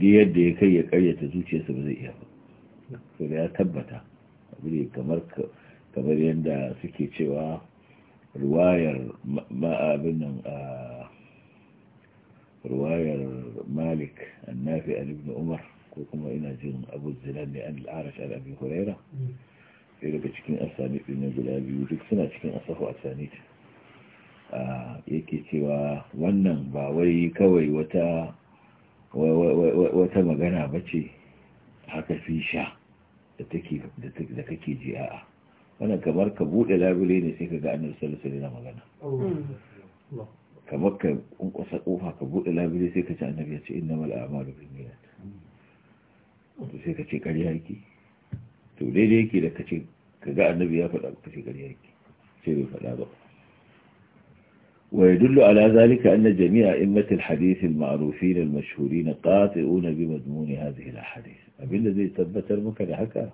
da yadda ya kai ya karyata zuciyarsa ba zai iya ba sai da ya tabbata abu kamar kamar yadda suke cewa ruwayar ma'abin nan a ruwayar malik annafi ibn umar ko kuma ina jin abu zina ne an al'arash an huraira sai daga cikin asani ɗin guda biyu duk suna cikin asafu asani yake cewa wannan ba wai kawai wata wata magana ba ce haka fi sha da kake ji a'a wannan kamar ka buɗe labule ne sai ka ga annar sallallahu na magana kamar ka kunkusa kofa ka buɗe labule sai ka ci annabi ya ce innamal a'malu binniyat to sai ka ce ƙarya yake to daidai yake da ka ce ka ga annabi ya faɗa ka ce ƙarya yake sai bai faɗa ba ويدل على ذلك أن جميع أئمة الحديث المعروفين المشهورين قاطئون بمضمون هذه الأحاديث أبين الذي ثبت المكة حكا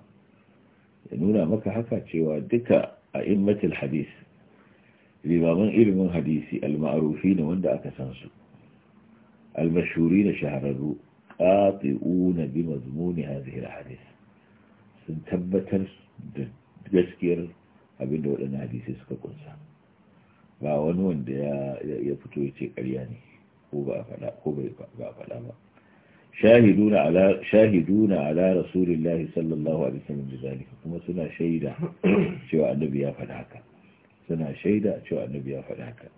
ينونا مكة حكا شوادك أئمة الحديث من علم الحديث المعروفين وندى أكسانسو المشهورين شهرروا قاطئون بمضمون هذه الأحاديث ثبت جسكير أبين الذي حديث المكة قنصان ba wani wanda ya fito ya ce ƙarya ne ko ba a faɗa ba shahiduna ala rasulillahi sallallahu alaihi wasallam da kuma suna shaida cewa annabi ya faɗa haka suna shaida cewa annabi ya faɗa haka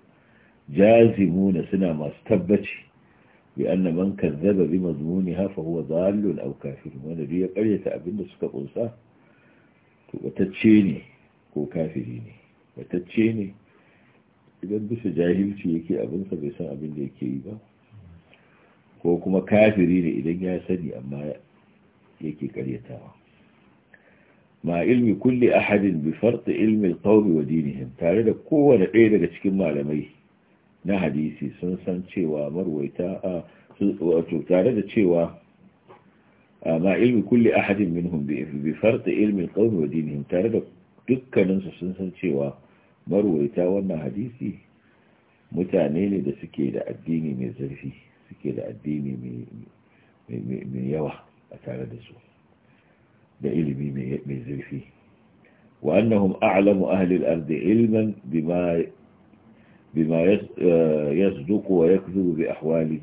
jazimuna suna masu tabbaci bi anna man kazzaba bi mazmuniha fa huwa dhallun aw kafir wanda duk ya karyata abinda suka kunsa to batacce ne ko kafiri ne Watacce ne idan bisa jahilci yake abinsa bai san abin da yake yi ba ko kuma kafiri ne idan ya sani amma yake karyatawa ma ilmi kulli ahadin bi farti ilmi al wa dinihim tare da kowane ɗaya daga cikin malamai na hadisi sun san cewa marwaita a wato tare da cewa ma ilmi kulli ahadin minhum bi farti ilmi al wa dinihim tare da dukkaninsu sun san cewa marwaita wannan hadisi mutane ne da suke da addini mai zurfi suke da addini mai yawa a tare da su da ilimi mai zurfi wa annahum a'lamu ahli al-ardi ilman bima bima yasduqu wa yakdhubu bi ahwali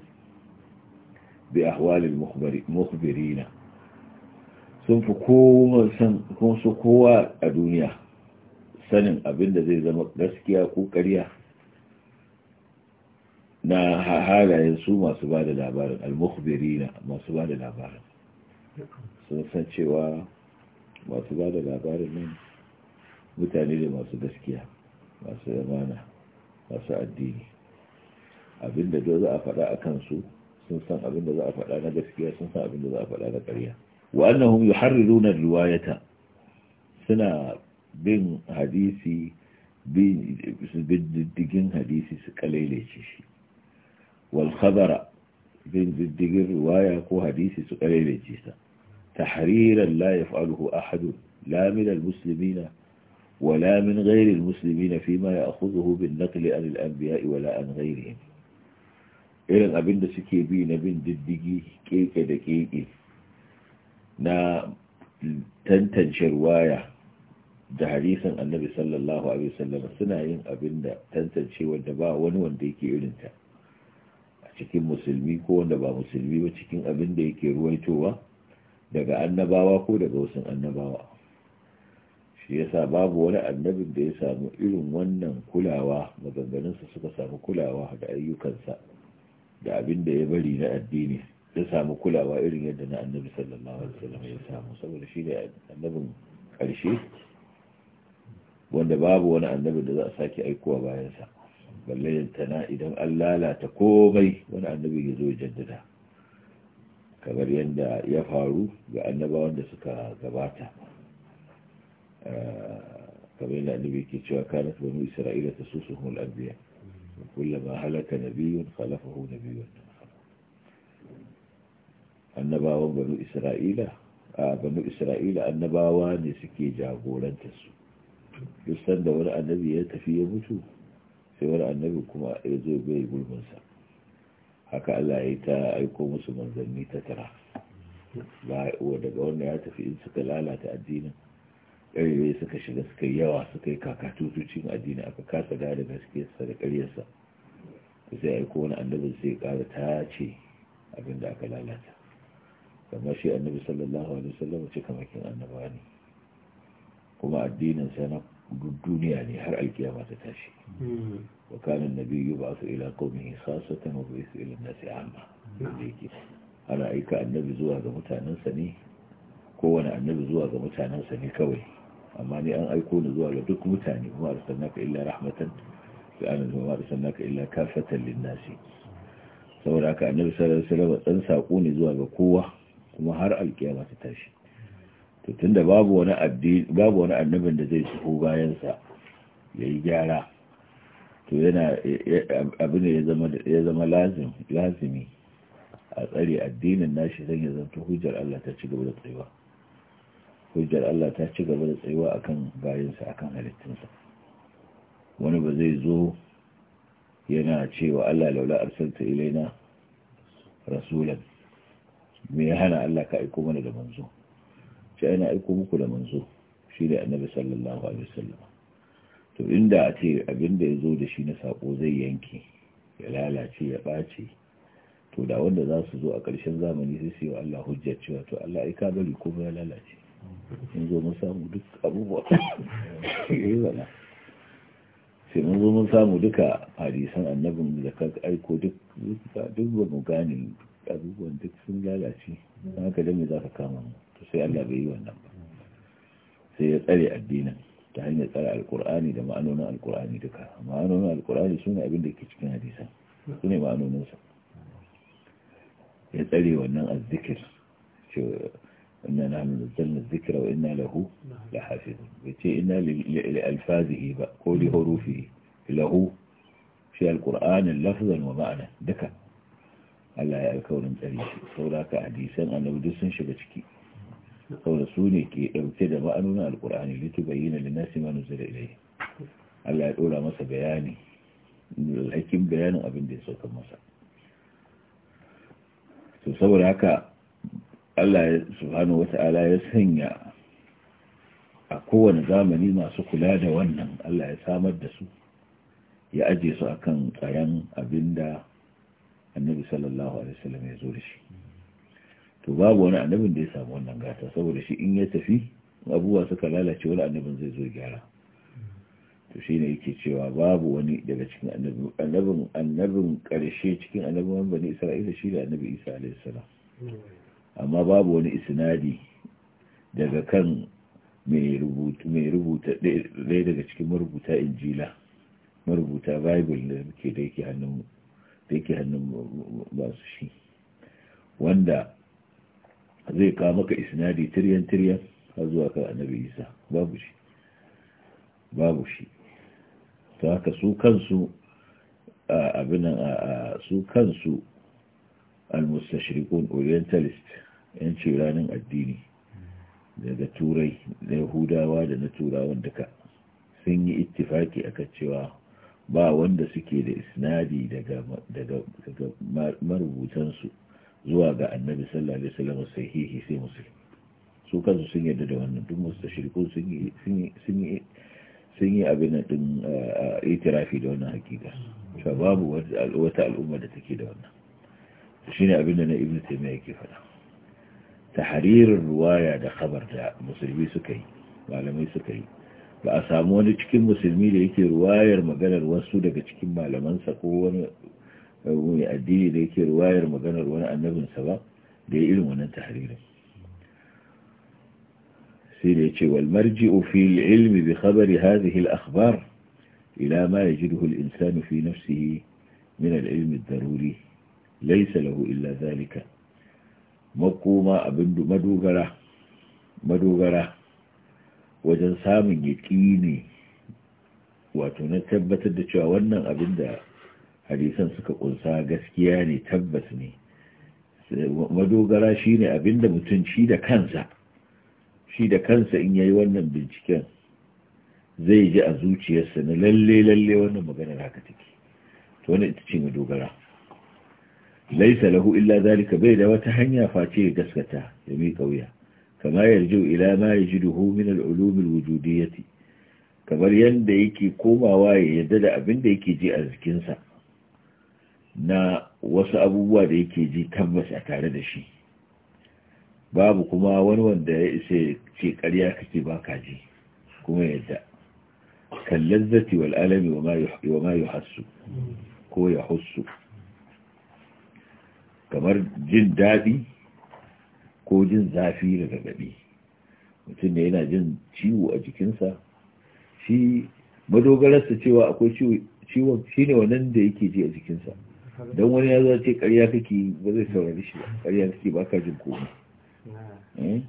bi ahwali al-mukhbirina sun fi kowa a duniya sanin abin da zai zama gaskiya ko ƙarya na halayen su masu ba da labarin na masu ba da labarin sun san cewa masu ba da labarin nan mutane da masu gaskiya masu yamana masu addini abinda da za a faɗa a kansu sun san abinda za a faɗa na gaskiya sun san abinda za a faɗa na ƙarya wa'annahum yuharriruna riwayata suna بن حديثي بن زدجن حديثي سكليلي تشي والخبر بن زدجن رواية كو حديثي سكليلي تشيسا تحريرا لا يفعله أحد لا من المسلمين ولا من غير المسلمين فيما يأخذه بالنقل عن الأنبياء ولا عن غيرهم إذن أبن دسكي بينا بن ددجي كيك دكيك نا تنتج روايه da hadisin annabi sallallahu alaihi wasallam suna yin abin da tantance wanda ba wani wanda yake irinta a cikin musulmi ko wanda ba musulmi ba cikin abin da yake ruwaitowa daga annabawa ko daga wasu annabawa shi yasa babu wani annabin da ya samu irin wannan kulawa maganganunsa suka samu kulawa da ayyukansa da abin da ya bari na addini ya samu kulawa irin yadda na annabi sallallahu alaihi wasallam ya samu saboda shi ne annabin ƙarshe wanda babu wani annabi da za a sake aikowa bayansa balle tana idan an lalata komai wani annabi ya zo jaddada kamar yadda ya faru ga annabawan da suka gabata ah, kamar yadda annabi ke cewa kanat banu isra'ila tasusuhum al-anbiya kullama halaka nabiyyun khalafahu nabiyyun annabawan banu isra'ila a ah, banu isra'ila annabawa ne suke jagorantar su duk da wani annabi ya tafi ya mutu sai wani annabi kuma ya zo bai gulbinsa haka Allah ya yi ta aiko musu manzanni ta tara ba wa daga wanda ya tafi in suka lalata addinin ƙarfe suka shiga suka yawa suka yi kakatutucin addini aka kasa gada sa da ƙaryarsa ta sai aiko wani annabi sai ƙara ta ce abinda aka lalata kamar shi annabi sallallahu alaihi wasallam ce kamakin annabawa ne kuma addininsa na duniya ne har alkiyama ta tashi hmm. wa kana nabi su ila qaumihi khassatan wa yub'athu ila an-nasi 'amma hmm. ana aika annabi zuwa ga mutanensa ne kowane annabi zuwa ga mutanensa ne kawai amma ne an aiko ni zuwa ga duk mutane kuma ka illa rahmatan wa anzalna ka illa kafatan linnasi. saboda haka annabi sallallahu alaihi wasallam dan ne zuwa ga kowa kuma har alkiyama ta tashi to tunda babu wani annabin da zai shigo bayansa sa yi gyara to yana abin da ya zama ya zama lazim lazimi a tsare addinin nashi zan ya zanto hujjar Allah ta ci gaba da tsayuwa hujjar Allah ta ci gaba da tsayuwa akan bayansa akan halittunsa wani ba zai zo yana cewa Allah laula arsalta ilaina rasulan me ya hana Allah ka aiko mana da manzo shi ana aiko muku da manzo shi ne annabi sallallahu alaihi wasallam to inda a ce abinda ya zo da shi na sako zai yanke ya lalace ya ɓace to da wanda za su zo a ƙarshen zamani sai su yi wa Allah hujjar cewa to Allah ai ka bari ko ya lalace in zo mun samu duk abubuwa yayi eh, wala sai mun zo mun samu duka hadisan annabin da ka aiko duk duk ba mu gane abubuwan duk sun lalace haka da me za ka kama mu تسأل النبي والنبي سيسأل الدين تعين سأل القرآن إذا ما أنونا القرآن لك ما أنونا القرآن سنة ابن لك كنا ديسا سنة ما أنونا يسألي وأنه الذكر شو إنا نزلنا الذكر وإنا له لحافظ بيتي إنا لألفاظه قول حروفه له في القرآن اللفظا ومعنى دكا الله يا الكون انتري سولاك عديسا أنا بدوسا شبتكي saboda su ne ke ɗauke da ma'anonin alkur'ani litu bayyana da nasi ma nuzula ilai Allah ya ɗora masa bayani lakin bayanin abin da ya sauka masa to saboda haka Allah subhanahu ta'ala ya sanya a kowane zamani masu kula da wannan Allah ya samar da su ya aje su akan tsaron abin da annabi sallallahu alaihi wasallam ya zo da shi babu wani annabin da ya samu wannan gata saboda shi in ya tafi abubuwa suka lalace wani annabin zai zo gyara to shi ne yake cewa babu wani daga cikin annabin annabin ƙarshe cikin annabin bani isra'ila shi da annabi isa alaihi salam amma babu wani isnadi daga kan mai rubuta ɗaya daga cikin marubuta injila marubuta bible da yake da yake hannun da yake hannun masu shi wanda zai kawo maka isnadi tiryan tiryan har zuwa kan annabi isa babu shi babu shi ta haka su kansu abinan su kansu al-mustashriqun orientalist yanci ranar addini daga turai da yahudawa da na turawan duka sun yi ittifaki a cewa ba wanda suke da isnadi daga marubutansu zuwa ga annabi sallallahu alaihi wasallam sahihi sai musulmi su kansu sun yarda da wannan duk musu shirku sun yi sun yi abin din itirafi da wannan hakika to babu wata al'umma da take da wannan shine abin da na ibnu taymiya yake faɗa tahririn ruwaya da khabar da musulmi suka yi malamai suka yi ba a samu wani cikin musulmi da yake ruwayar maganar wasu daga cikin malamansa ko wani ويؤدي لك رواية رمضان الرواية النبي سواء لإلم أن تحريره سيليك والمرجع في العلم بخبر هذه الأخبار إلى ما يجده الإنسان في نفسه من العلم الضروري ليس له إلا ذلك مقوما أبند مدوغرة مدوغرة وجنسام يكيني وتنتبت الدجاوانا أبندها hadisan suka kunsa gaskiya ne tabbas ne madogara shine abinda mutum shi da kansa shi da kansa in yayi wannan binciken zai ji a zuciyarsa na lalle lalle wannan maganar haka take to wannan ita ce madogara laisa lahu illa zalika bai da wata hanya face ya gaskata ya mi kauya kama yarju ila ma yajiduhu min al-ulum al-wujudiyyah kamar yanda yake komawa ya yadda da abin da yake ji a jikinsa na wasu abubuwa da yake ji tabbas a tare da shi babu kuma wani wanda ya isa ce karya kake baka ji kuma yadda kallazzati wal alami wa ma yuhassu ko ya hussu kamar jin daɗi ko jin zafi da gagaɗi mutum ne yana jin ciwo a jikinsa shi madogararsa cewa akwai ciwon shine ne wannan da yake ji a jikinsa don wani ya zace ce ƙarya kake ba zai saurari shi ba ƙarya kake ba ka jin komai eh?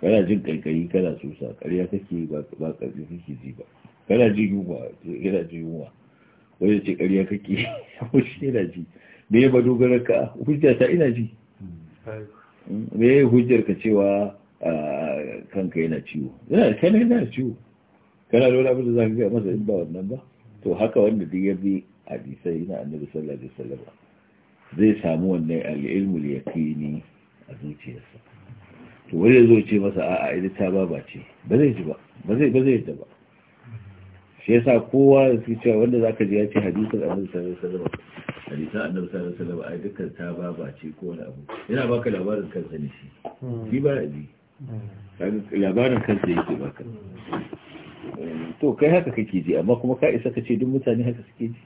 kana jin ƙarƙari kana tsusa ƙarya kake ba ƙarfi kake ji ba kana jin yunwa yana jin yunwa wani ce ƙarya kake haushi yana ji me ba dogara ka hujja ta ina ji hmm. me hujjar ka cewa kanka yana ciwo yana kana yana ciwo kana da wani abin da za ka gaya masa in ba wannan ba to haka wanda duk ya bi hadisai na annabi sallallahu alaihi wasallam zai samu wannan al'ilmu yaqini a zuciyarsa to wai ya ce masa a'a idan ta ba ce ba zai ji ba ba zai ba zai ji ba shi yasa kowa da su cewa wanda zaka ji ya ce hadisin annabi sallallahu alaihi wasallam hadisin annabi sallallahu alaihi wasallam ai dukkan ta ba ce ko wani abu yana baka labarin kansa ne shi shi ba ji labarin kansa yake baka to kai haka kake ji amma kuma ka isa ka ce duk mutane haka suke ji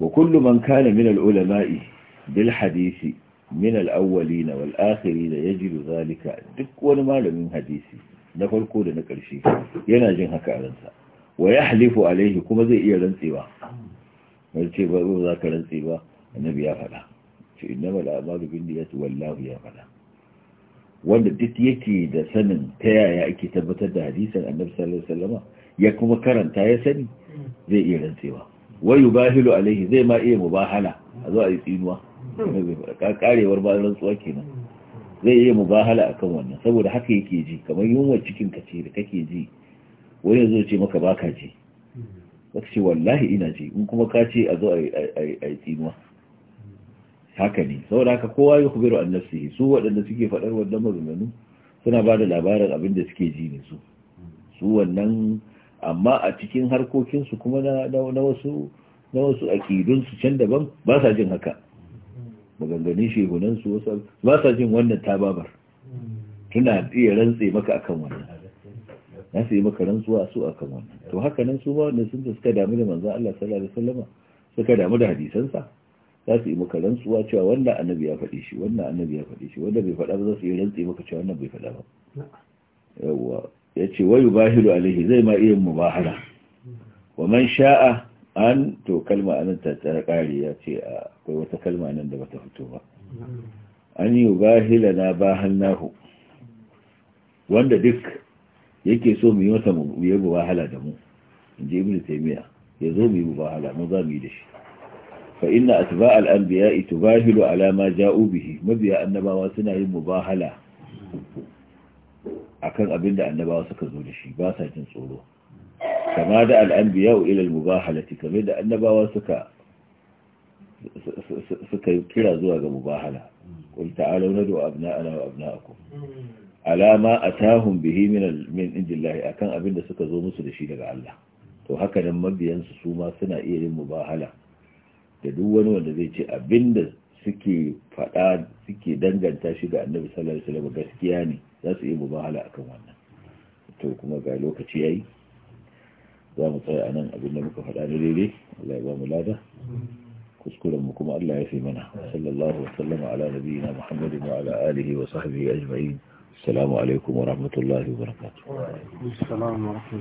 wa kullu man kana min al-ulama'i bil hadisi min al-awwalin da ya yajidu zalika duk wani malamin hadisi na farko da na karshe yana jin haka a ransa wa yahlifu alaihi kuma zai iya rantsewa wani ce ba za ka rantse annabi ya faɗa ce inna mala amalu bin niyyat wallahu ya faɗa wanda duk yake da sanin ta yaya ake tabbatar da hadisin annabi sallallahu alaihi wasallam ya kuma karanta ya sani zai iya rantsewa wayu bahilu alaihi zai ma iya mubahala a zo a yi tsinuwa karewar bayan rantsuwa kenan zai iya mubahala akan wannan saboda haka yake ji kamar yunwa cikin ka ce da kake ji wani zo ce maka baka ji wata ce wallahi ina ji in kuma ka ce a zo a yi tsinuwa haka ne saboda haka kowa ya kubiru an nafsihi su waɗanda suke faɗar wannan mazumanu suna ba da labarin abin da suke ji ne su su wannan amma a cikin harkokinsu kuma na wasu na wasu aƙidunsu can daban ba sa jin haka maganganun shehunansu wasu ba sa jin wannan tababar tuna iya rantse maka akan wannan na su yi maka rantsuwa su a kan wannan to haka nan su ba wanda sun da suka damu da manzan Allah sallallahu alaihi wasallama suka damu da hadisansa za su yi maka rantsuwa cewa wannan annabi ya faɗi shi wannan annabi ya faɗi shi wanda bai faɗa ba za su yi rantse maka cewa wannan bai faɗa ba yawwa ya ce wayu bahilu alaihi zai ma iya mubahala wa man sha'a an to kalma anan ta tsara ƙari ya ce akwai wata kalma nan da bata fito ba an yi bahila na bahan nahu wanda duk yake so mu yi mata mu yi da mu in ji ibn taymiya ya zo mu yi mubahala mu za mu yi da shi fa inna atba al anbiya tubahilu ala ma ja'u bihi mabiya annabawa suna yin mubahala akan abin da annabawa suka zo da shi ba sa jin tsoro kama da al'anbiya ilal al-mubahalati kamar da annabawa suka suka kira zuwa ga mubahala qul ta'alu nadu abna'ana wa abna'akum alama atahum bihi min min indillahi akan abin da suka zo musu da shi daga Allah to haka nan mabiyansu su ma suna iya yin mubahala da duk wani wanda zai ce abin da suke faɗa suke danganta shi ga annabi sallallahu alaihi wasallam gaskiya ne za su iya mubahala akan wannan to kuma ga lokaci yayi za mu tsaya nan abin da muka faɗa ne dai Allah ya ba mu lada kuskuren mu kuma Allah ya fi mana sallallahu wa sallama ala nabiyina Muhammadin wa ala alihi wa sahbihi ajma'in assalamu alaikum wa rahmatullahi wa barakatuh